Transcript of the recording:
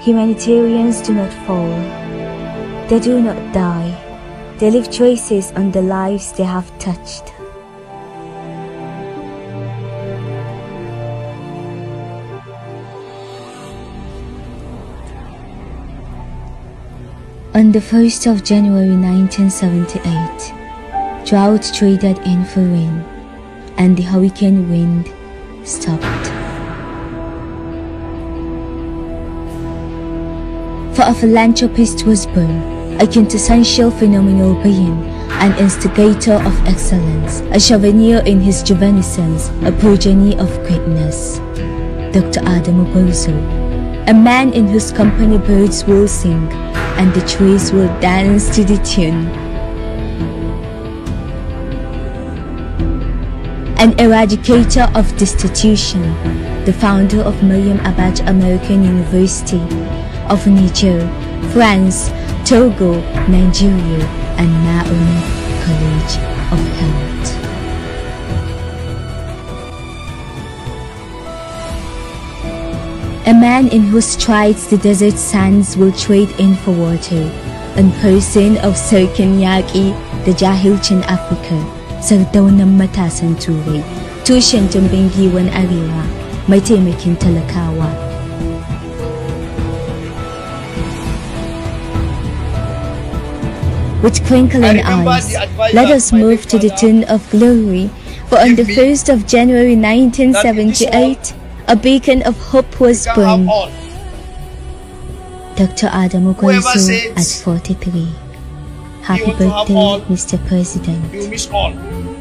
Humanitarians do not fall. They do not die. They leave choices on the lives they have touched. On the 1st of January 1978, drought traded in for rain and the hurricane wind stopped. of a philanthropist was born, a quintessential phenomenal being, an instigator of excellence, a chauvinier in his juvenescence, a progeny of greatness. Dr. Adam Obozo, a man in whose company birds will sing and the trees will dance to the tune. An eradicator of destitution, the founder of William Abad American University, of Niger, France, Togo, Nigeria, and my own College of Health. A man in whose strides the desert sands will trade in for water, and person of Sirkin Yaki, da jahilcin Afirka, sardaunan matasan Turai, tushen jambin ariwa, Arewa, mataimakin talakawa. With twinkling eyes. Let us move to the tune of glory, for on the 1st of January 1978, a beacon of hope was born. Dr. Adam Ogonzo at 43. Happy birthday, Mr. President.